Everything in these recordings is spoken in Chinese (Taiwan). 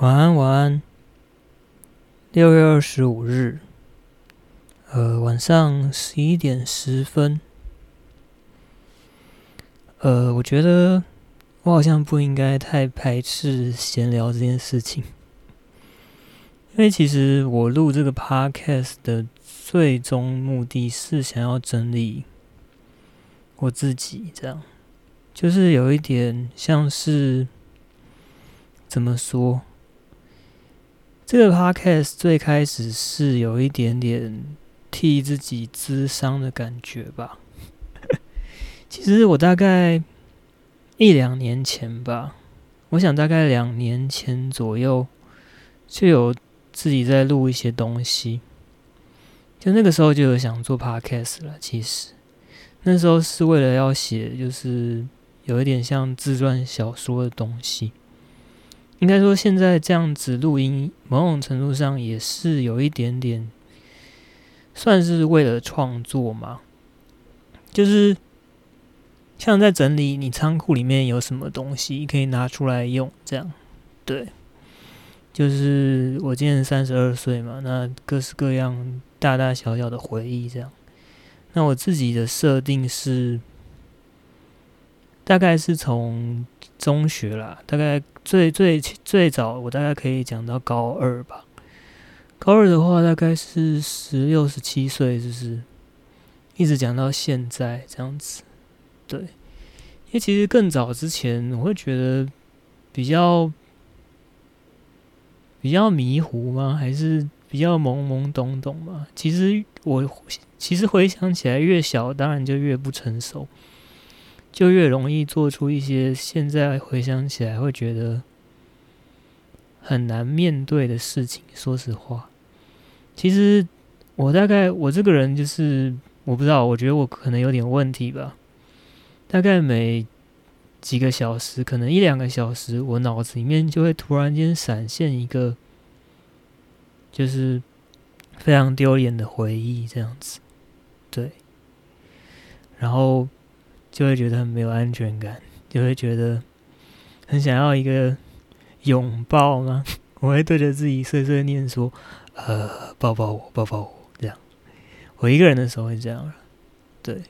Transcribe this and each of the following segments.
晚安，晚安。六月二十五日，呃，晚上十一點十分。呃，我覺得我好像不應該太排斥閒聊這件事情，因為其實我錄這個 podcast 的最終目的是想要整理我自己，這樣，就是有一點像是怎麼說？這個 podcast 最開始是有一點點替自己諮商的感覺吧。其實我大概一兩年前吧，我想大概兩年前左右就有自己在錄一些東西。就那個時候就有想做 podcast 了。其實那時候是為了要寫，就是有一點像自傳小說的東西。應該說，現在這樣子錄音，某種程度上也是有一點點，算是為了創作嘛，就是像在整理你倉庫裡面有什麼東西可以拿出來用這樣，對，就是我今年三十二歲嘛，那各式各樣大大小小的回憶這樣，那我自己的設定是，大概是從中學啦，大概。最最最早，我大概可以講到高二吧。高二的話，大概是十六十七歲，就是，是一直講到現在這樣子。對，因為其實更早之前，我會覺得比較比較迷糊嘛，還是比較懵懵懂懂嘛。其實我其實回想起來，越小當然就越不成熟。就越容易做出一些現在回想起來會覺得很難面對的事情。說實話，其實我大概我這個人就是我不知道，我覺得我可能有點問題吧。大概每幾個小時，可能一兩個小時，我腦子裡面就會突然間閃現一個，就是非常丟臉的回憶這樣子。對，然後。就會覺得很沒有安全感，就會覺得很想要一個擁抱嗎？ 我會對着自己碎碎念說：“呃，抱抱我，抱抱我。”這樣，我一個人的時候會這樣。對，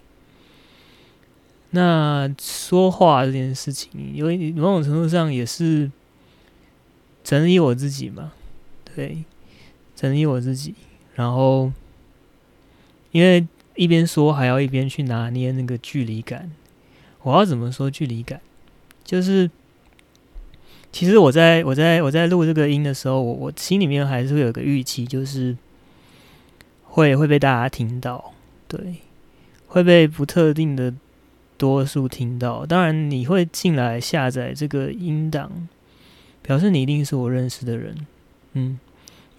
那說話這件事情，因為某種程度上也是整理我自己嘛。對，整理我自己，然後因為。一邊說還要一邊去拿捏那個距離感，我要怎麼說距離感？就是其實我在我在我在錄這個音的時候，我我心裡面還是會有個預期，就是會會被大家聽到，對，會被不特定的多數聽到。當然，你會進來下載這個音檔，表示你一定是我認識的人，嗯，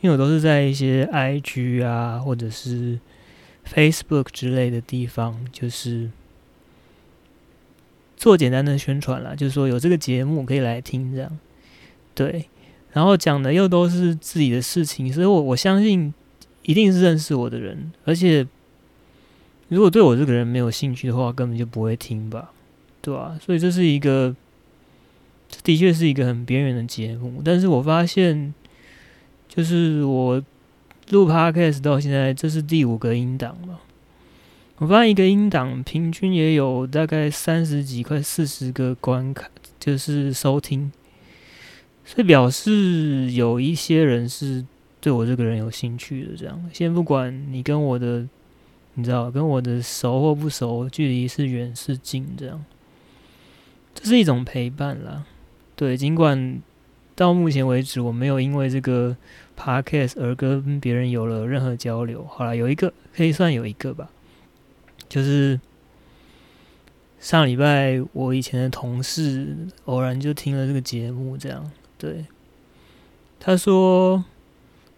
因為我都是在一些 IG 啊或者是。Facebook 之類的地方，就是做簡單的宣傳啦。就是說有這個節目可以來聽，這樣，對。然後講的又都是自己的事情，所以我我相信一定是認識我的人，而且如果對我這個人沒有興趣的話，根本就不會聽吧，對啊？所以這是一個，這的確是一個很邊緣的節目，但是我發現就是我。錄 Podcast 到現在，這是第五個音檔了。我發現一個音檔平均也有大概三十幾、快四十個觀看，就是收聽，所以表示有一些人是對我這個人有興趣的。這樣，先不管你跟我的，你知道，跟我的熟或不熟，距離是遠是近，這樣，這是一種陪伴啦。對，盡管到目前為止，我沒有因為這個。Podcast 而跟別人有了任何交流，好啦，有一個可以算有一個吧，就是上禮拜我以前的同事偶然就聽了這個節目，這樣對。他說，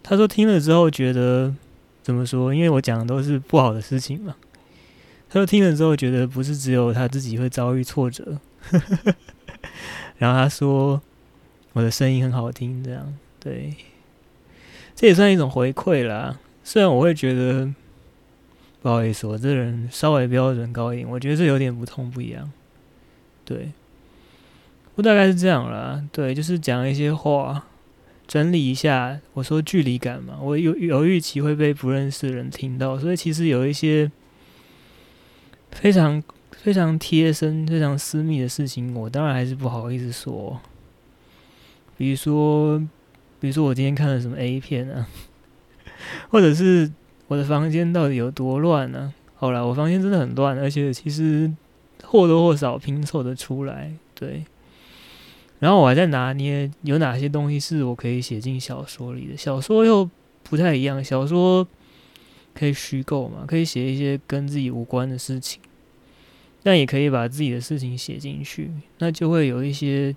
他說聽了之後覺得怎麼說？因為我講的都是不好的事情嘛。他說聽了之後覺得不是只有他自己會遭遇挫折， 然後他說我的聲音很好聽，這樣對。這也算一種回饋啦，雖然我會覺得不好意思哦，我這人稍微標準高一點，我覺得這有點不痛不癢。對，我大概是這樣啦。對，就是講一些話，整理一下。我說距離感嘛，我有有預期會被不認識的人聽到，所以其實有一些非常非常貼身、非常私密的事情，我當然還是不好意思說哦，比如說。比如說，我今天看了什麼 A 片啊？或者是我的房間到底有多亂呢、啊？好了，我房間真的很亂，而且其實或多或少拼湊的出來。對，然後我還在拿捏有哪些東西是我可以寫進小說裡的。小說又不太一樣，小說可以虛構嘛，可以寫一些跟自己無關的事情，但也可以把自己的事情寫進去，那就會有一些。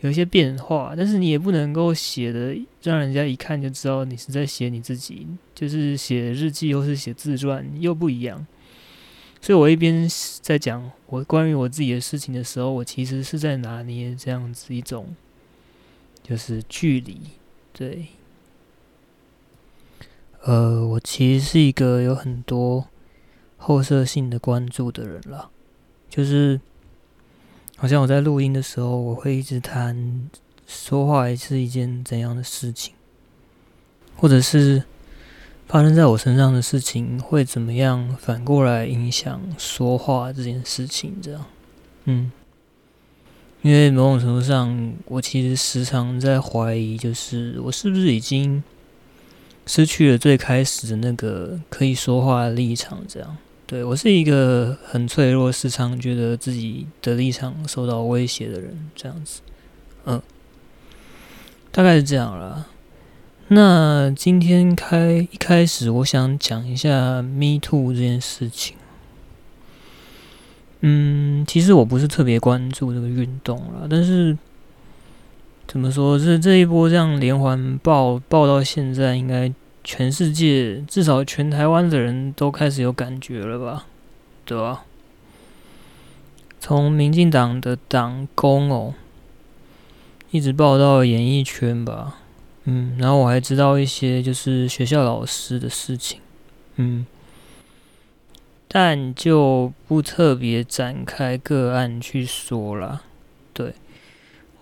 有一些變化，但是你也不能夠寫的讓人家一看就知道你是在寫你自己，就是寫日記或是寫自傳又不一樣。所以我一邊在講我關於我自己的事情的時候，我其實是在拿捏這樣子一種，就是距離，對。呃，我其實是一個有很多後設性的關注的人了，就是。好像我在錄音的時候，我會一直談說話是一件怎樣的事情，或者是發生在我身上的事情會怎麼樣，反過來影響說話這件事情，這樣。嗯，因為某種程度上，我其實時常在懷疑，就是我是不是已經失去了最開始的那個可以說話的立場，這樣。對，我是一個很脆弱，時常覺得自己的立場受到威脅的人，這樣子，嗯、呃，大概是這樣啦。那今天開一開始，我想講一下 “Me Too” 這件事情。嗯，其實我不是特別關注這個運動啦，但是怎麼說、就是這一波這樣連環爆爆到現在，應該。全世界至少全台灣的人都開始有感覺了吧，對吧？從民進黨的黨工哦，一直報到了演藝圈吧，嗯，然後我還知道一些就是學校老師的事情，嗯，但就不特別展開個案去說了，對。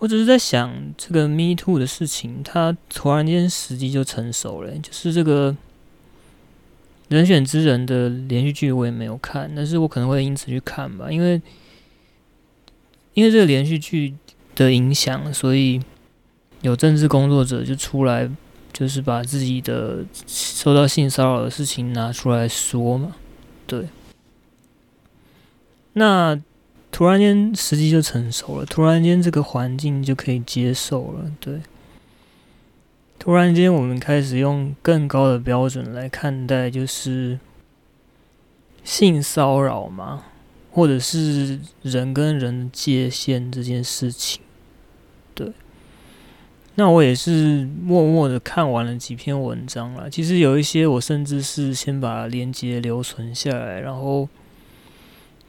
我只是在想，這個 Me Too 的事情，它突然間時機就成熟了欸。就是這個《人選之人》的連續劇，我也沒有看，但是我可能會因此去看吧，因為因為這個連續劇的影響，所以有政治工作者就出來，就是把自己的受到性騷擾的事情拿出來說嘛。對，那。突然間，時機就成熟了。突然間，這個環境就可以接受了。對，突然間，我們開始用更高的標準來看待，就是性騷擾嘛，或者是人跟人的界限這件事情。對。那我也是默默的看完了幾篇文章啦。其實有一些，我甚至是先把連結留存下來，然後。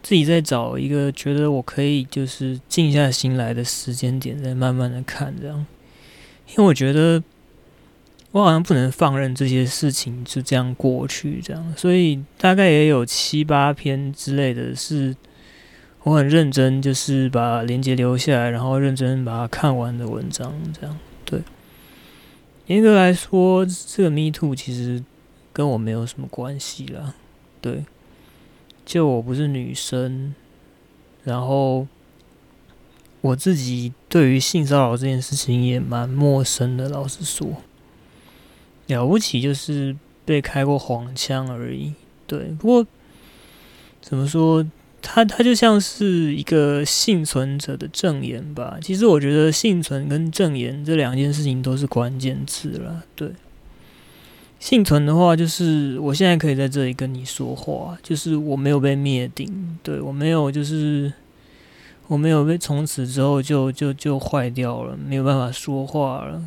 自己再找一個覺得我可以就是靜下心來的時間點，再慢慢的看這樣，因為我覺得我好像不能放任這些事情就這樣過去這樣，所以大概也有七八篇之類的是我很認真，就是把連結留下來，然後認真把它看完的文章這樣。對，嚴格來說，這個《Me Too》其實跟我沒有什麼關係啦。對。就我不是女生，然後我自己對於性騷擾這件事情也蠻陌生的，老實說。了不起就是被開過黃腔而已。對，不過怎麼說，他他就像是一個倖存者的證言吧。其實我覺得倖存跟證言這兩件事情都是關鍵字啦，對。幸存的話，就是我現在可以在這裡跟你說話，就是我沒有被滅頂，對，我沒有，就是我沒有被從此之後就就就壞掉了，沒有辦法說話了。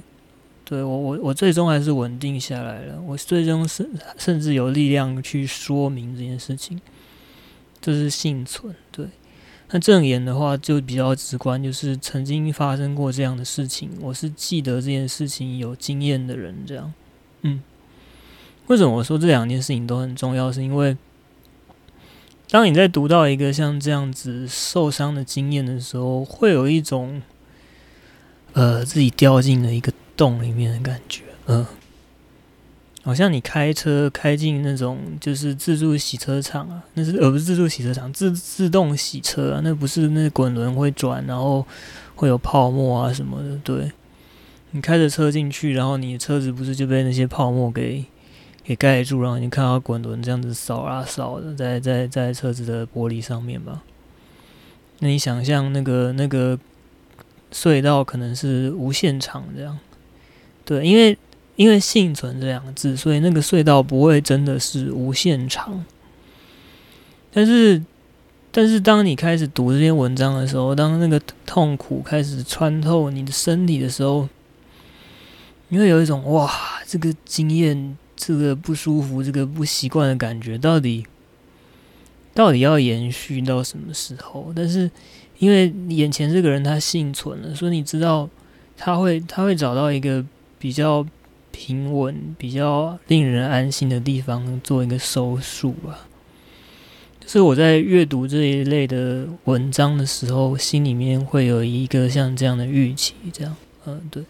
對，我我我最終還是穩定下來了，我最終是甚，甚至有力量去說明這件事情，這，就是幸存。對，那證言的話就比較直觀，就是曾經發生過這樣的事情，我是記得這件事情有經驗的人，這樣，嗯。為什麼我說這兩件事情都很重要？是因為，當你在讀到一個像這樣子受傷的經驗的時候，會有一種，呃，自己掉進了一個洞裡面的感覺，嗯，好像你開車開進那種就是自助洗車場啊，那是呃不是自助洗車場，自自動洗車啊，那不是那滾輪會轉，然後會有泡沫啊什麼的，對，你開着車進去，然後你的車子不是就被那些泡沫給。給蓋住，然後你看到滾輪這樣子掃啊掃的，在在在車子的玻璃上面吧。那你想象那個那個隧道可能是無限長這樣？對，因為因為“幸存”這兩個字，所以那個隧道不會真的是無限長。但是，但是當你開始讀這篇文章的時候，當那個痛苦開始穿透你的身體的時候，你會有一種哇，這個經驗。這個不舒服，這個不習慣的感覺，到底到底要延續到什麼時候？但是，因為眼前這個人他幸存了，所以你知道他會他會找到一個比較平穩、比較令人安心的地方做一個收束吧。就是我在閱讀這一類的文章的時候，心裡面會有一個像這樣的預期，這樣，嗯，對。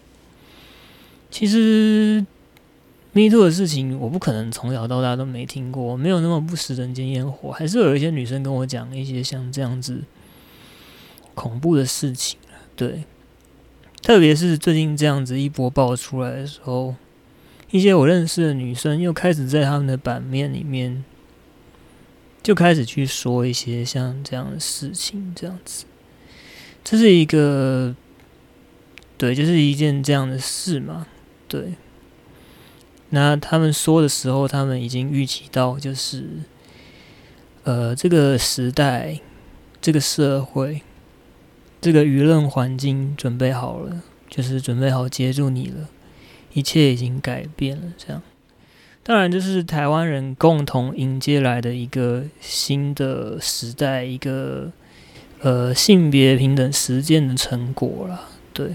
其實。迷 o 的事情，我不可能從小到大都沒聽過，沒有那麼不食人間煙火，還是有一些女生跟我講一些像這樣子恐怖的事情。對，特別是最近這樣子一波爆出來的時候，一些我認識的女生又開始在他們的版面裡面就開始去說一些像這樣的事情，這樣子，這是一個，對，就是一件這樣的事嘛，對。那他們說的時候，他們已經預期到，就是，呃，這個時代、這個社會、這個輿論環境準備好了，就是準備好接住你了，一切已經改變了。這樣，當然就是台灣人共同迎接來的一個新的時代，一個呃性別平等實踐的成果啦，對。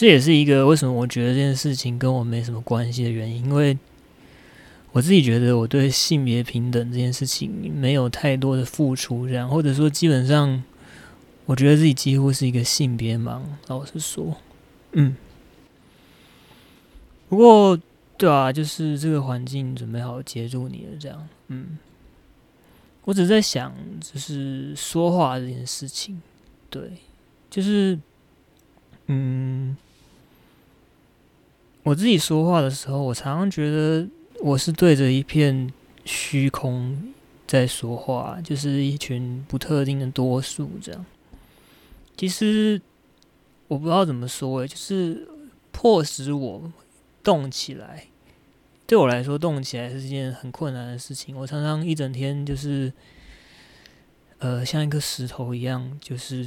這也是一個為什麼我覺得這件事情跟我沒什麼關係的原因，因為我自己覺得我對性別平等這件事情沒有太多的付出，這樣或者說基本上我覺得自己幾乎是一個性別盲。老實說，嗯。不過，對啊，就是這個環境準備好接住你了，這樣，嗯。我只是在想，就是說話這件事情，對，就是，嗯。我自己說話的時候，我常常覺得我是對着一片虛空在說話，就是一群不特定的多數這樣。其實我不知道怎麼說欸，就是迫使我動起來。對我來說，動起來是一件很困難的事情。我常常一整天就是，呃，像一個石頭一樣，就是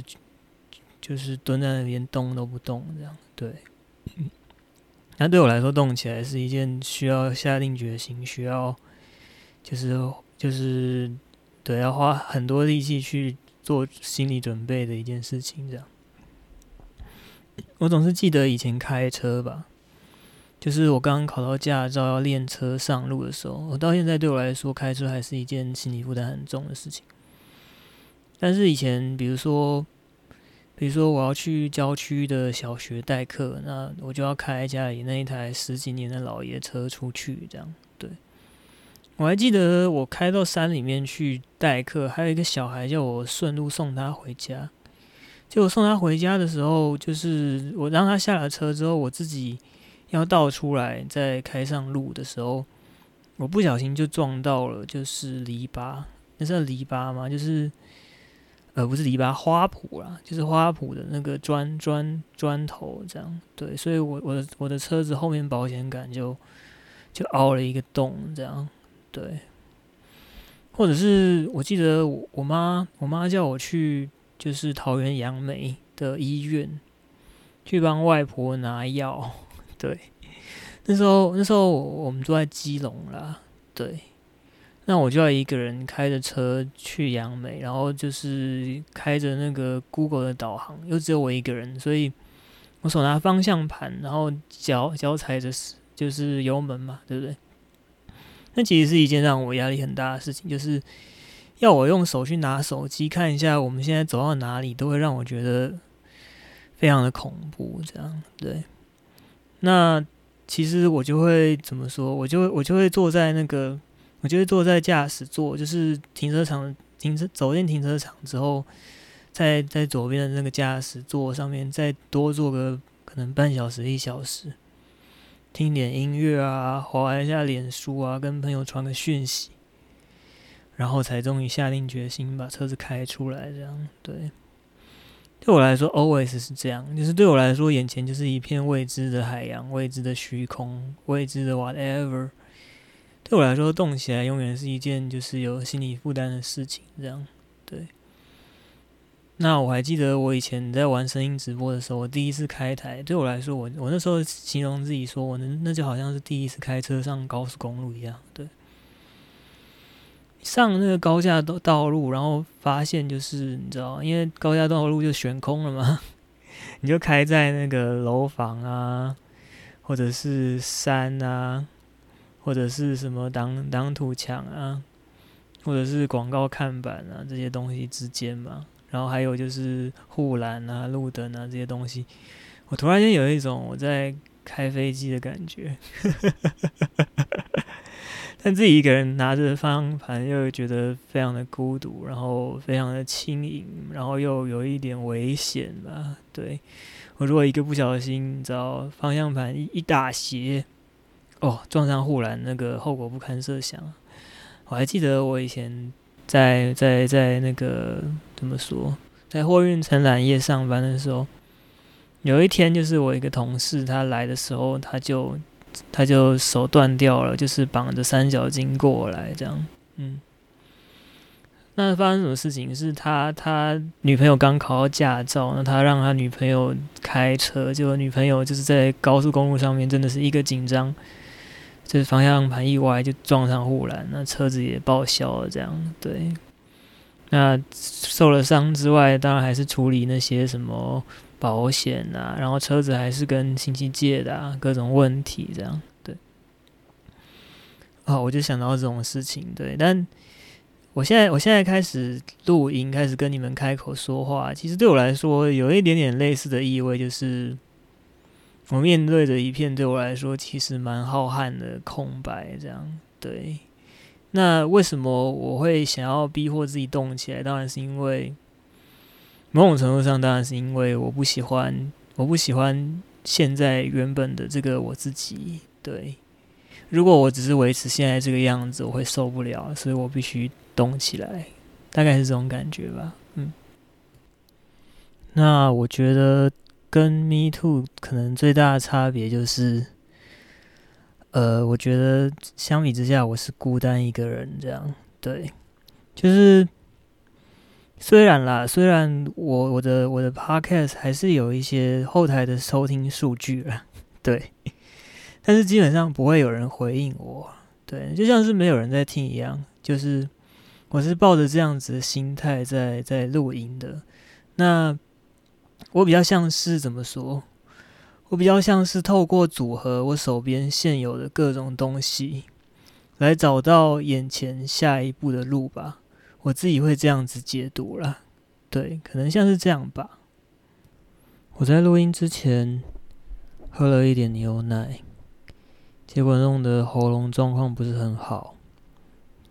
就是蹲在那邊動都不動這樣。對。那、啊、對我來說，動起來是一件需要下定決心，需要就是就是對要花很多力氣去做心理準備的一件事情。這樣，我總是記得以前開車吧，就是我剛剛考到駕照要練車上路的時候，我到現在對我來說，開車還是一件心理負擔很重的事情。但是以前，比如說。比如說我要去郊區的小學代課，那我就要開家裡那一台十幾年的老爺車出去，這樣。對，我還記得我開到山裡面去代課，還有一個小孩叫我順路送他回家。結果送他回家的時候，就是我讓他下了車之後，我自己要倒出來再開上路的時候，我不小心就撞到了，就是籬笆，那是叫籬笆嗎？就是。呃，不是籬笆花圃啦，就是花圃的那個磚磚磚頭這樣，對，所以我我的我的車子後面保險桿就就凹了一個洞這樣，對。或者是我記得我我媽我媽叫我去就是桃園楊梅的醫院去幫外婆拿藥，對，那時候那時候我們住在基隆啦，對。那我就要一個人開着車去揚美，然後就是開着那個 Google 的導航，又只有我一個人，所以我手拿方向盤，然後腳腳踩着就是油門嘛，對不對？那其實是一件讓我壓力很大的事情，就是要我用手去拿手機看一下我們現在走到哪裡，都會讓我覺得非常的恐怖，這樣對。那其實我就會怎麼說，我就我就會坐在那個。我就會坐在駕駛座，就是停車場，停車走進停車場之後，在在左邊的那個駕駛座上面，再多坐個可能半小時、一小時，聽點音樂啊，滑一下臉書啊，跟朋友傳個訊息，然後才終於下定決心把車子開出來。這樣，對，對我來說，always 是這樣，就是對我來說，眼前就是一片未知的海洋、未知的虛空、未知的 whatever。對我來說，動起來永遠是一件就是有心理負擔的事情。這樣，對。那我還記得我以前在玩聲音直播的時候，我第一次開台，對我來說，我我那時候形容自己說，我那那就好像是第一次開車上高速公路一樣，對。上那個高架道道路，然後發現就是你知道，因為高架道路就懸空了嘛， 你就開在那個樓房啊，或者是山啊。或者是什麼擋擋土牆啊，或者是廣告看板啊，這些東西之間嘛，然後還有就是護欄啊、路燈啊這些東西，我突然間有一種我在開飛機的感覺， 但自己一個人拿着方向盤，又覺得非常的孤獨，然後非常的輕盈，然後又有一點危險吧？對，我如果一個不小心，找方向盤一，一打斜。哦，撞上護欄，那個後果不堪設想。我還記得我以前在在在，在那個怎麼說，在貨運承攬業上班的時候，有一天就是我一個同事，他來的時候他，他就他就手斷掉了，就是綁着三角巾過來這樣。嗯，那發生什麼事情？是他他女朋友剛考到駕照，那他讓他女朋友開車，結果女朋友就是在高速公路上面，真的是一個緊張。就是方向盤一歪就撞上護欄，那車子也報銷了。這樣，對。那受了傷之外，當然還是處理那些什麼保險啊，然後車子還是跟親戚借的啊，各種問題這樣，對。啊、哦，我就想到這種事情，對。但我現在，我現在開始錄音，開始跟你們開口說話，其實對我來說有一點點類似的意味，就是。我面對著一片，對我來說其實蠻浩瀚的空白。這樣，對。那為什麼我會想要逼迫自己動起來？當然是因為某種程度上，當然是因為我不喜歡，我不喜歡現在原本的這個我自己。對，如果我只是維持現在這個樣子，我會受不了。所以我必須動起來，大概是這種感覺吧。嗯。那我覺得。跟 Me Too 可能最大的差別就是，呃，我覺得相比之下，我是孤單一個人這樣。對，就是雖然啦，雖然我我的我的 Podcast 還是有一些後台的收聽數據了，對， 但是基本上不會有人回應我，對，就像是沒有人在聽一樣。就是我是抱着這樣子的心態在在錄音的。那。我比較像是怎麼說？我比較像是透過組合我手邊現有的各種東西，來找到眼前下一步的路吧。我自己會這樣子解讀啦。對，可能像是這樣吧。我在錄音之前喝了一點牛奶，結果弄得喉嚨狀況不是很好，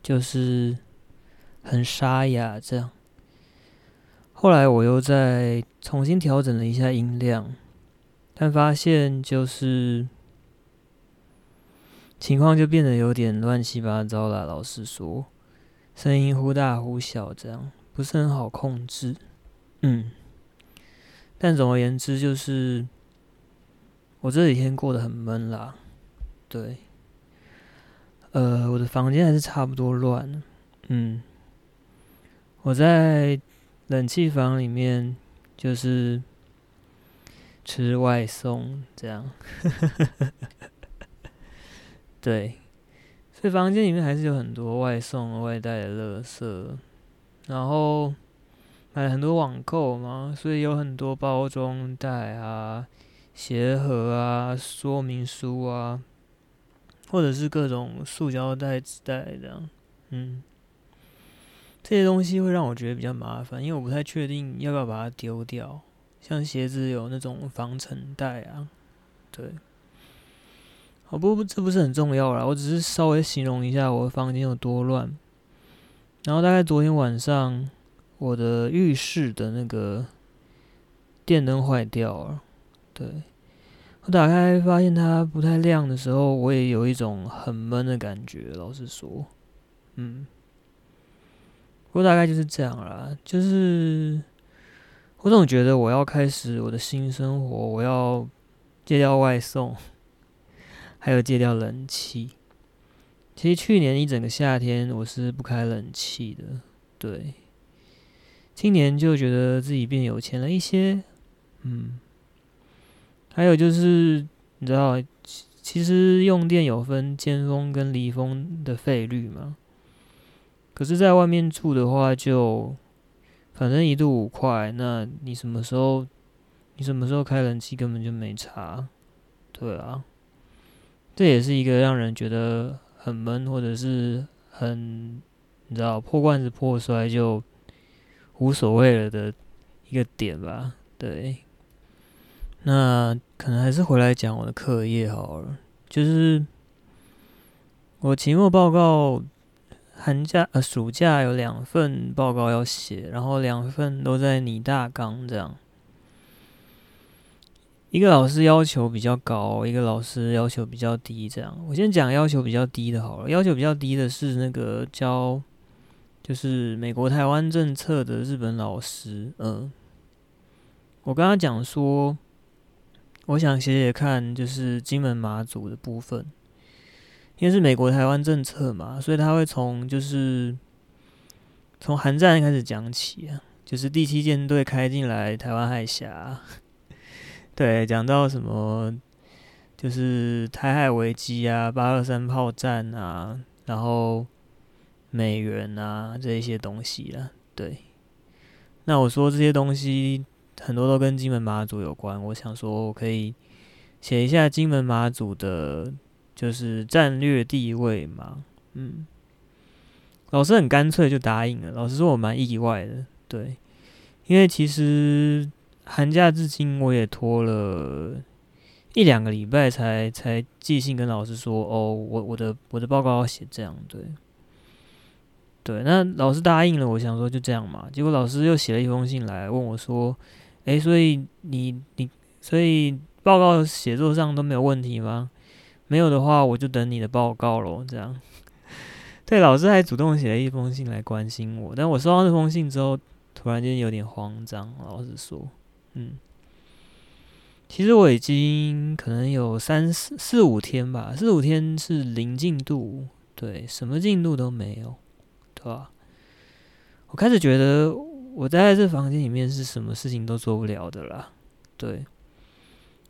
就是很沙啞這樣。後來我又再重新調整了一下音量，但發現就是情況就變得有點亂七八糟了。老實說，聲音忽大忽小，這樣不是很好控制。嗯，但總而言之，就是我這幾天過得很悶啦。對，呃，我的房間還是差不多亂。嗯，我在。冷氣房裡面就是吃外送這樣 對，所以房間裡面還是有很多外送外帶的垃圾，然後買了很多網購嘛，所以有很多包裝袋啊、鞋盒啊、說明書啊，或者是各種塑膠袋、紙袋這樣，嗯。這些東西會讓我覺得比較麻煩，因為我不太確定要不要把它丟掉。像鞋子有那種防塵袋啊，對。好，不不，這不是很重要啦。我只是稍微形容一下我的房間有多亂。然後大概昨天晚上，我的浴室的那個電燈壞掉了。對。我打開發現它不太亮的時候，我也有一種很悶的感覺。老實說，嗯。不過大概就是這樣啦，就是我總覺得我要開始我的新生活，我要戒掉外送，還有戒掉冷氣。其實去年一整個夏天我是不開冷氣的，對。今年就覺得自己變有錢了一些，嗯。還有就是你知道，其實用電有分尖峰跟離峰的費率嗎？可是，在外面住的話就，就反正一度五塊。那你什麼時候，你什麼時候開冷氣，根本就沒差，對啊。這也是一個讓人覺得很悶，或者是很你知道破罐子破摔就無所謂了的一個點吧？對。那可能還是回來講我的課業好了，就是我期末報告。寒假，呃、暑假有兩份報告要寫，然後兩份都在擬大綱這樣。一個老師要求比較高，一個老師要求比較低，這樣。我先講要求比較低的好了。要求比較低的是那個教就是美國台灣政策的日本老師，嗯，我跟他講說，我想寫寫看就是金門馬祖的部分。因為是美國台灣政策嘛，所以他會從就是從韓戰開始講起啊，就是第七艦隊開進來台灣海峽啊，對，講到什麼就是台海危機啊、八二三炮戰啊，然後美元啊這一些東西啊。對。那我說這些東西很多都跟金門馬祖有關，我想說我可以寫一下金門馬祖的。就是戰略地位嘛，嗯，老師很乾脆就答應了。老實說，我蠻意外的，對，因為其實寒假至今，我也拖了一兩個禮拜才才寄信跟老師說，哦，我我的我的報告要寫這樣，對，對。那老師答應了，我想說就這樣嘛，結果老師又寫了一封信來問我說，欸，所以你你所以報告寫作上都沒有問題嗎？沒有的話，我就等你的報告嘍。這樣，對，老師還主動寫了一封信來關心我。但我收到這封信之後，突然間有點慌張。老實說，嗯，其實我已經可能有三四四五天吧，四五天是零進度，對，什麼進度都沒有，對吧？我開始覺得我待在這房間裡面是什麼事情都做不了的啦，對。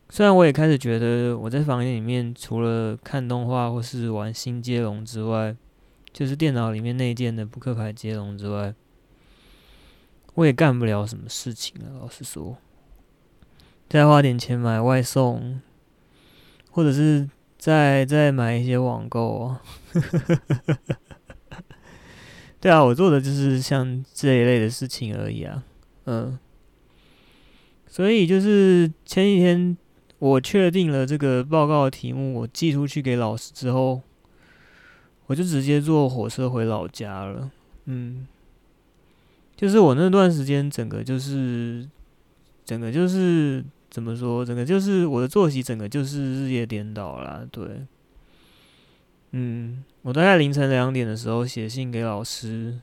雖然我也開始覺得，我在房間裡面除了看動畫或是玩新接龍之外，就是電腦裡面內建的撲克牌接龍之外，我也幹不了什麼事情了。老實說，再花點錢買外送，或者是再再買一些網購啊、哦。 對啊，我做的就是像這一類的事情而已啊。嗯，所以就是前幾天。我確定了這個報告題目，我寄出去給老師之後，我就直接坐火車回老家了。嗯，就是我那段時間，整個就是，整個就是怎麼說，整個就是我的作息，整個就是日夜顛倒啦。對，嗯，我大概凌晨兩點的時候寫信給老師，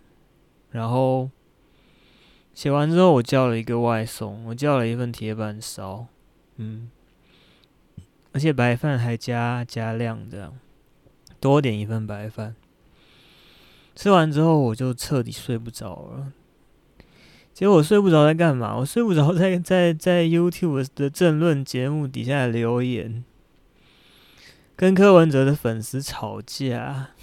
然後寫完之後，我叫了一個外送，我叫了一份鐵板燒。嗯。而且白飯還加加量，這樣多點一份白飯。吃完之後我就徹底睡不着了。結果我睡不着在幹嘛？我睡不着在在在，在 YouTube 的政論節目底下留言，跟柯文哲的粉絲吵架，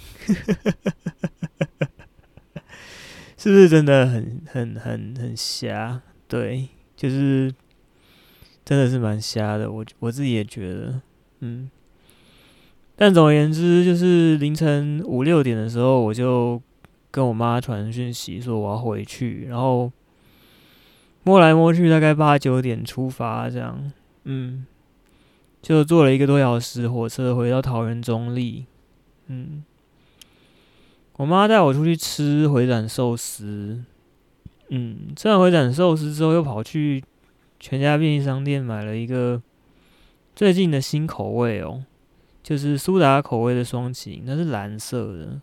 是不是真的很很很很瞎？對，就是。真的是蠻瞎的，我我自己也覺得，嗯。但總而言之，就是凌晨五六點的時候，我就跟我媽傳訊息說我要回去，然後摸來摸去，大概八九點出發，這樣，嗯，就坐了一個多小時火車回到桃園中壢。嗯，我媽帶我出去吃迴轉壽司，嗯，吃完迴轉壽司之後又跑去。全家便利商店買了一個最近的新口味哦，就是蘇打口味的雙擎，那是藍色的。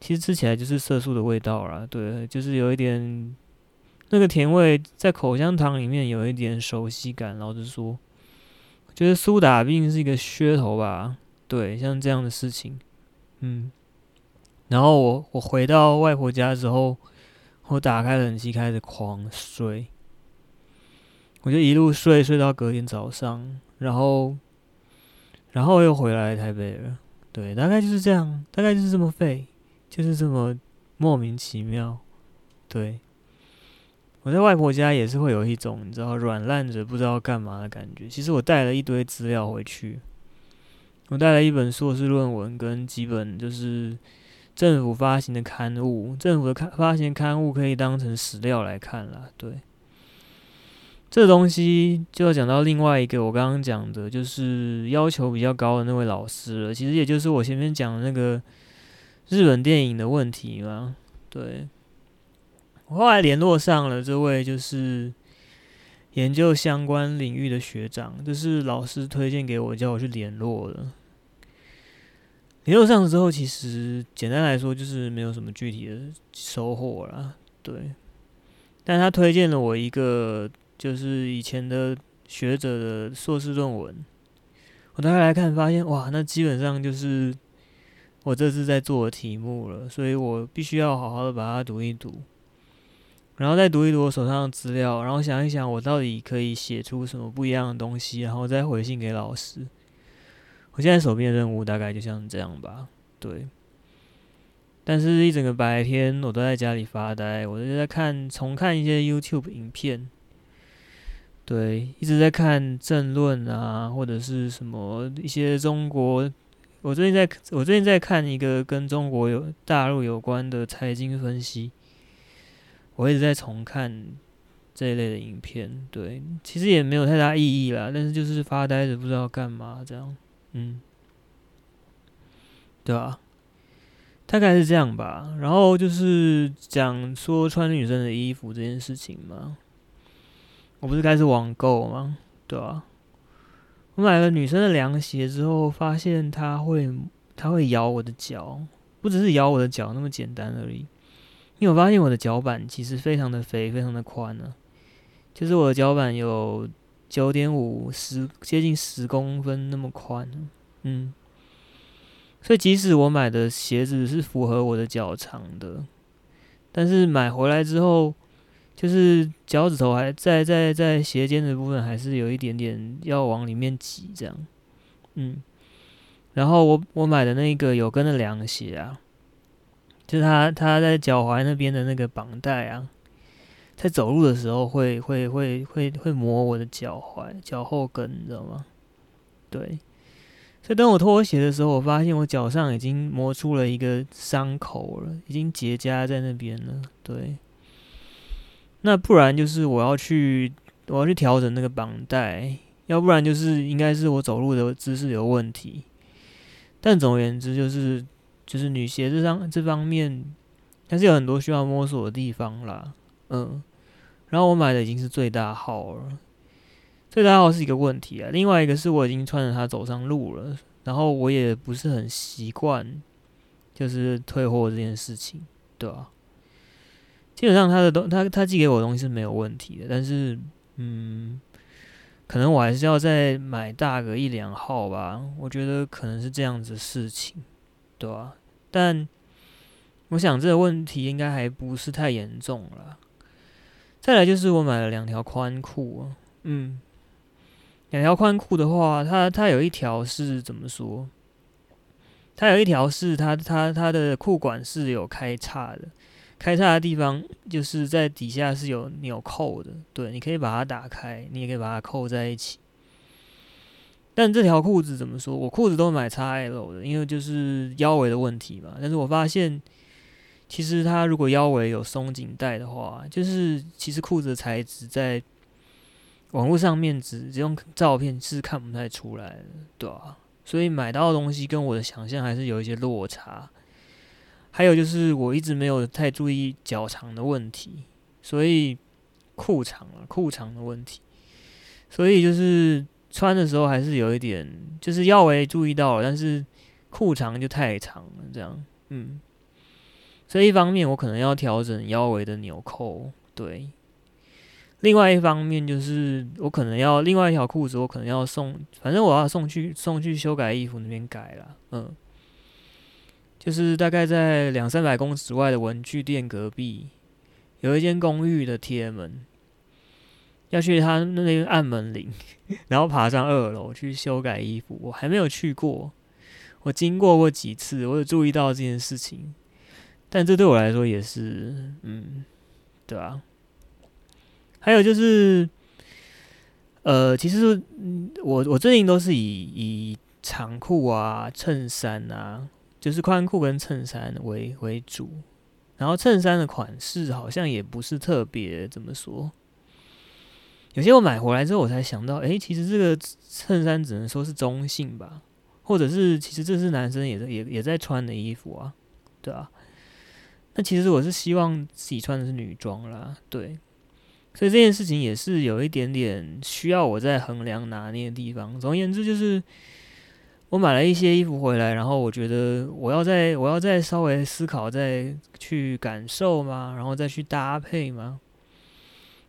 其實吃起來就是色素的味道啦，對，就是有一點那個甜味在口香糖裡面有一點熟悉感。然後就說，就是蘇打畢竟是一個噱頭吧，對，像這樣的事情，嗯。然後我我回到外婆家之後，我打開冷氣，開始狂睡。我就一路睡，睡到隔天早上，然後，然後又回來台北了。對，大概就是這樣，大概就是這麼廢，就是這麼莫名其妙。對，我在外婆家也是會有一種你知道軟爛着不知道幹嘛的感覺。其實我帶了一堆資料回去，我帶了一本碩士論文跟幾本就是政府發行的刊物，政府的刊發行刊物可以當成史料來看啦。對。這東西就要講到另外一個我剛剛講的，就是要求比較高的那位老師了。其實也就是我前面講的那個日本電影的問題嘛。對，我後來聯絡上了這位就是研究相關領域的學長，就是老師推薦給我叫我去聯絡了。聯絡上之後，其實簡單來說就是沒有什麼具體的收穫啦。對，但他推薦了我一個。就是以前的學者的碩士論文，我大概來看，發現哇，那基本上就是我這次在做的題目了，所以我必須要好好的把它讀一讀，然後再讀一讀我手上的資料，然後想一想我到底可以寫出什麼不一樣的東西，然後再回信給老師。我現在手邊的任務大概就像這樣吧，對。但是，一整個白天我都在家裡發呆，我就在看重看一些 YouTube 影片。對，一直在看政論啊，或者是什麼一些中國。我最近在，我最近在看一個跟中國有大陸有關的財經分析。我一直在重看這一類的影片，對，其實也沒有太大意義啦，但是就是發呆着不知道幹嘛這樣，嗯，對啊，大概是這樣吧。然後就是講說穿女生的衣服這件事情嘛。我不是開始網購嗎？對吧、啊？我買了女生的涼鞋之後，發現它會它會咬我的腳，不只是咬我的腳那麼簡單而已。因為我發現我的腳板其實非常的肥，非常的寬呢、啊，就是我的腳板有九點五、十、接近十公分那麼寬、啊。嗯，所以即使我買的鞋子是符合我的腳長的，但是買回來之後。就是腳趾頭還在在在鞋尖的部分，還是有一點點要往裡面擠這樣。嗯，然後我我買的那個有跟的涼鞋啊，就是它它在腳踝那邊的那個綁帶啊，在走路的時候會會會會會磨我的腳踝腳後跟，你知道嗎？對，所以當我脫鞋的時候，我發現我腳上已經磨出了一個傷口了，已經結痂在那邊了。對。那不然就是我要去，我要去調整那個綁帶；要不然就是應該是我走路的姿勢有問題。但總而言之，就是就是女鞋這方這方面，還是有很多需要摸索的地方啦。嗯，然後我買的已經是最大號了，最大號是一個問題啊。另外一個是我已經穿着它走上路了，然後我也不是很習慣，就是退貨這件事情，對吧、啊？基本上他的東他他寄給我的東西是沒有問題的，但是嗯，可能我還是要再買大個一兩號吧，我覺得可能是這樣子的事情，對吧、啊？但我想這個問題應該還不是太嚴重了。再來就是我買了兩條寬褲，嗯，兩條寬褲的話，它它有一條是怎麼說？它有一條是它它它的褲管是有開叉的。開叉的地方就是在底下是有紐扣的，對，你可以把它打開，你也可以把它扣在一起。但這條褲子怎麼說？我褲子都買 XL 的，因為就是腰圍的問題嘛。但是我發現，其實它如果腰圍有鬆緊帶的話，就是其實褲子的材質在網絡上面只用照片是看不太出來的，對吧、啊？所以買到的東西跟我的想象還是有一些落差。還有就是我一直沒有太注意腳長的問題，所以褲長了，啊。褲長的問題，所以就是穿的時候還是有一點，就是腰圍注意到了，但是褲長就太長了，這樣，嗯，所以一方面我可能要調整腰圍的紐扣，對，另外一方面就是我可能要另外一條褲子，我可能要送，反正我要送去送去修改衣服那邊改了，嗯。就是大概在兩三百公尺外的文具店隔壁，有一間公寓的鐵門，要去他那邊按門鈴，然後爬上二樓去修改衣服。我還沒有去過，我經過過幾次，我有注意到這件事情，但這對我來說也是，嗯，對吧、啊？還有就是，呃，其實我我最近都是以以長褲啊、襯衫啊。就是寬褲跟襯衫為為主，然後襯衫的款式好像也不是特別，怎麼說？有些我買回來之後，我才想到，欸，其實這個襯衫只能說是中性吧，或者是其實這是男生也也也在穿的衣服啊，對啊。那其實我是希望自己穿的是女裝啦，對。所以這件事情也是有一點點需要我在衡量拿捏的地方。總而言之就是。我買了一些衣服回來，然後我覺得我要再我要再稍微思考，再去感受嘛，然後再去搭配嘛，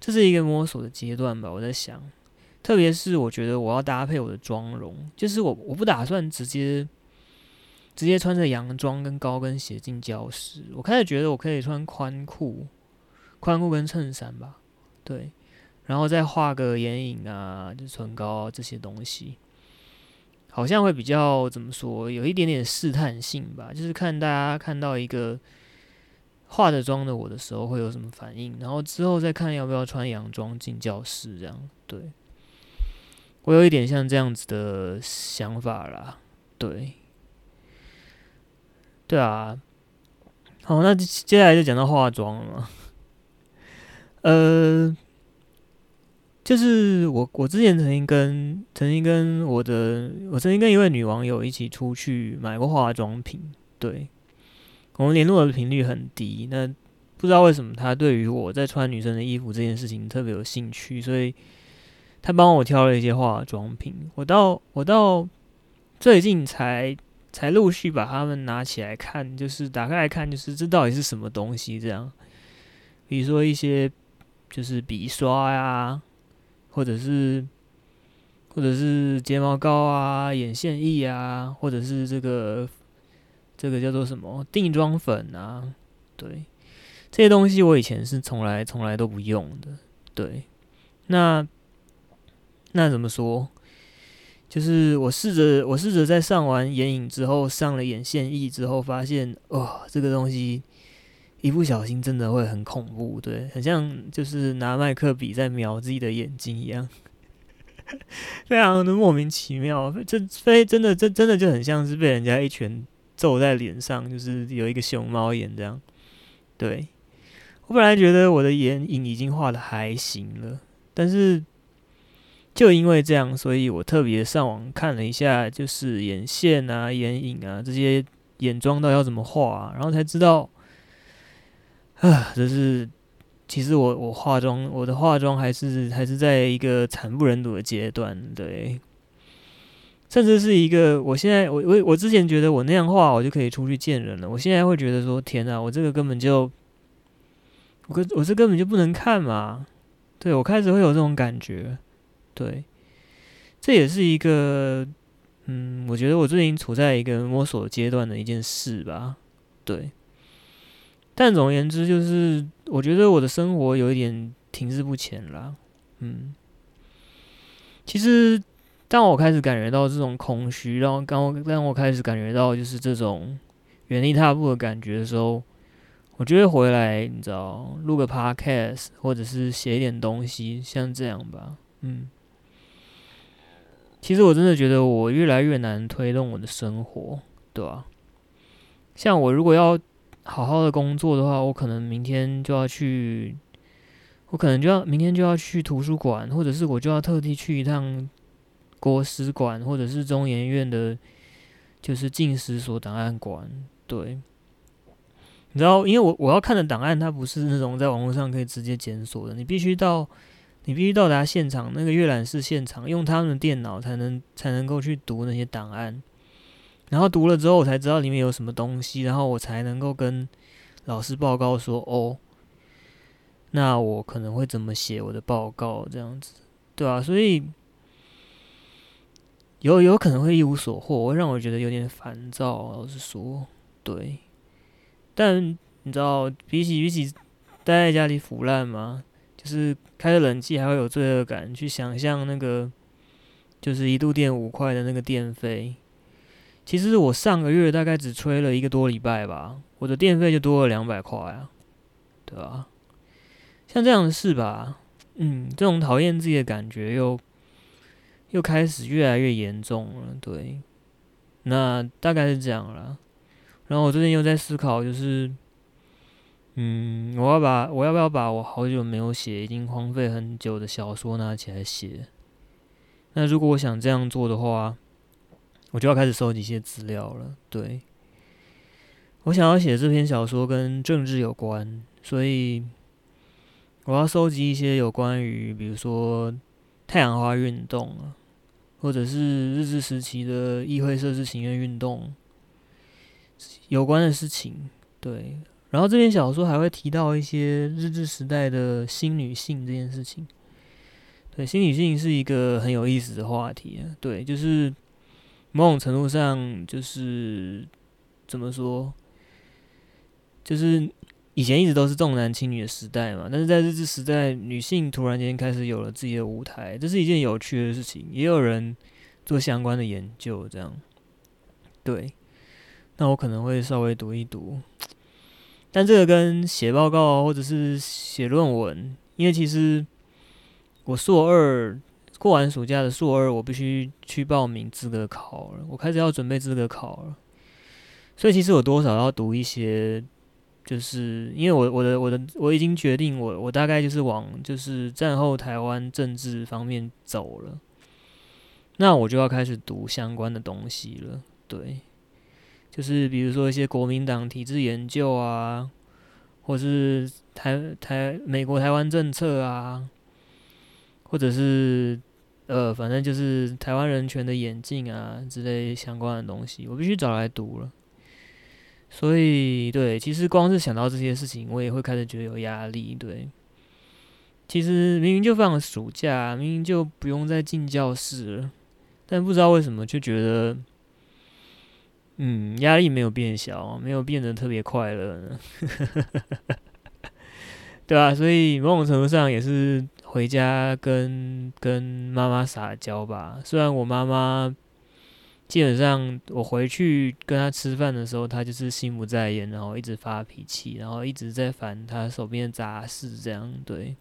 這是一個摸索的階段吧。我在想，特別是我覺得我要搭配我的妝容，就是我我不打算直接直接穿着洋裝跟高跟鞋進教室。我開始覺得我可以穿寬褲、寬褲跟襯衫吧，對，然後再畫個眼影啊，就唇膏啊，這些東西。好像會比較怎麼說，有一點點試探性吧，就是看大家看到一個化着妝的我的時候會有什麼反應，然後之後再看要不要穿洋裝進教室這樣。對，我有一點像這樣子的想法啦。對，對啊。好，那接下來就講到化妝了嘛。呃。就是我，我之前曾經跟曾經跟我的，我曾經跟一位女網友一起出去買過化妝品。對，我們聯絡的頻率很低。那不知道為什麼，她對於我在穿女生的衣服這件事情特別有興趣，所以她幫我挑了一些化妝品。我到我到最近才才陸續把它們拿起來看，就是打開來看，就是這到底是什麼東西？這樣，比如說一些就是筆刷呀、啊。或者是，或者是睫毛膏啊、眼線液啊，或者是這個這個叫做什麼定妝粉啊，對，這些東西我以前是從來從來都不用的，對。那那怎麼說？就是我試着我試着在上完眼影之後，上了眼線液之後，發現哦、呃，這個東西。一不小心真的會很恐怖，對，很像就是拿麥克筆在瞄自己的眼睛一樣， 非常的莫名其妙。這非真的，這真的就很像是被人家一拳揍在臉上，就是有一個熊貓眼這樣。對，我本來覺得我的眼影已經畫得還行了，但是就因為這樣，所以我特別上網看了一下，就是眼線啊、眼影啊這些眼妝到底要怎麼畫啊，然後才知道。啊，這是其實我我化妝，我的化妝還是還是在一個慘不忍睹的階段，對，甚至是一個我現在我我我之前覺得我那樣化我就可以出去見人了，我現在會覺得說天哪，我這個根本就我我這根本就不能看嘛，對，我開始會有這種感覺，對，這也是一個嗯，我覺得我最近處在一個摸索階段的一件事吧，對。但總而言之，就是我覺得我的生活有一點停滯不前了，嗯。其實，當我開始感覺到這種空虛，然後剛，我讓我開始感覺到就是這種原地踏步的感覺的時候，我就會回來，你知道，錄個 podcast，或者是寫一點東西，像這樣吧，嗯。其實我真的覺得我越來越難推動我的生活，對吧，啊？像我如果要。好好的工作的話，我可能明天就要去，我可能就要明天就要去圖書館，或者是我就要特地去一趟國史館，或者是中研院的，就是近史所檔案館。對，你知道，因為我我要看的檔案，它不是那種在網絡上可以直接檢索的，你必須到，你必須到達現場那個閱覽室現場，用他們的電腦才能才能夠去讀那些檔案。然後讀了之後，我才知道裡面有什麼東西，然後我才能夠跟老師報告說：“哦，那我可能會怎麼寫我的報告？”這樣子，對啊，所以有有可能會一無所獲，會讓我覺得有點煩躁。老實說，對。但你知道，比起比起待在家裡腐爛嘛，就是開了冷氣還會有罪惡感，去想象那個就是一度電五塊的那個電費。其實我上個月大概只吹了一個多禮拜吧，我的電費就多了兩百塊啊，對吧？像這樣的事吧，嗯，這種討厭自己的感覺又又開始越來越嚴重了，對，那大概是這樣了啦。然後我最近又在思考，就是，嗯，我要把我要不要把我好久沒有寫、已經荒廢很久的小說拿起來寫？那如果我想這樣做的話，我就要開始收集一些資料了。對，我想要寫這篇小說跟政治有關，所以我要收集一些有關於，比如說太陽花運動啊，或者是日治時期的議會設置請願運動有關的事情。對，然後這篇小說還會提到一些日治時代的新女性這件事情。對，新女性是一個很有意思的話題啊。對，就是。某種程度上就是怎麼說，就是以前一直都是重男輕女的時代嘛，但是在日治時代，女性突然間開始有了自己的舞台，這是一件有趣的事情。也有人做相關的研究，這樣。對，那我可能會稍微讀一讀。但這個跟寫報告或者是寫論文，因為其實我碩二。過完暑假的碩二，我必須去報名資格考了。我開始要準備資格考了，所以其實我多少要讀一些，就是因為我的我的我的我已經決定我，我我大概就是往就是戰後台灣政治方面走了，那我就要開始讀相關的東西了。對，就是比如說一些國民黨體制研究啊，或是台台美國台灣政策啊，或者是。呃，反正就是台灣人權的演進啊之類相關的東西，我必須找來讀了。所以，對，其實光是想到這些事情，我也會開始覺得有壓力。對，其實明明就放暑假，明明就不用再進教室了，但不知道為什麼就覺得，嗯，壓力沒有變小，沒有變得特別快樂呢， 對吧？啊？所以某種程度上也是。回家跟跟媽媽撒嬌吧。雖然我媽媽基本上我回去跟她吃飯的時候，她就是心不在焉，然後一直發脾氣，然後一直在煩她手邊的雜事。這樣，對。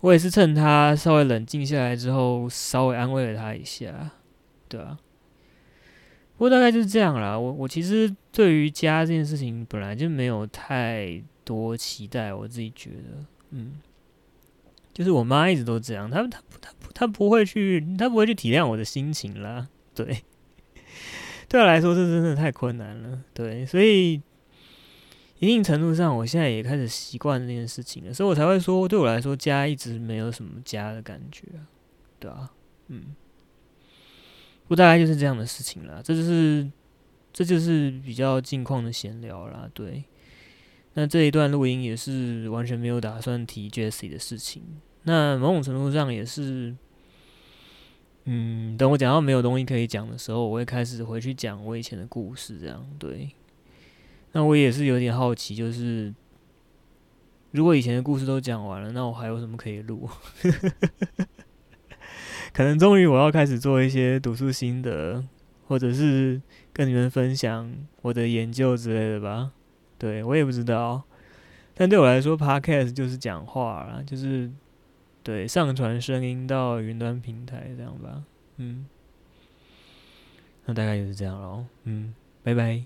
我也是趁她稍微冷靜下來之後，稍微安慰了她一下。對啊，不過大概就是這樣啦。我我其實對於家這件事情本來就沒有太多期待，我自己覺得，嗯。就是我媽一直都這樣，她她她她，她不會去，她不會去體諒我的心情啦。對。對我來說，這真的太困難了，對。所以，一定程度上，我現在也開始習慣這件事情了，所以我才會說，對我來說，家一直沒有什麼家的感覺啊，對吧，啊？嗯。不過大概就是這樣的事情了，這就是，這就是比較近況的閒聊了，對。那這一段錄音也是完全沒有打算提 Jesse 的事情。那某種程度上也是，嗯，等我講到沒有東西可以講的時候，我會開始回去講我以前的故事。這樣對。那我也是有點好奇，就是如果以前的故事都講完了，那我還有什麼可以錄？ 可能終於我要開始做一些讀書心得，或者是跟你們分享我的研究之類的吧。對我也不知道，但對我來說，podcast 就是講話啦，就是對上傳聲音到雲端平台這樣吧，嗯，那大概就是這樣嘍，嗯，拜拜。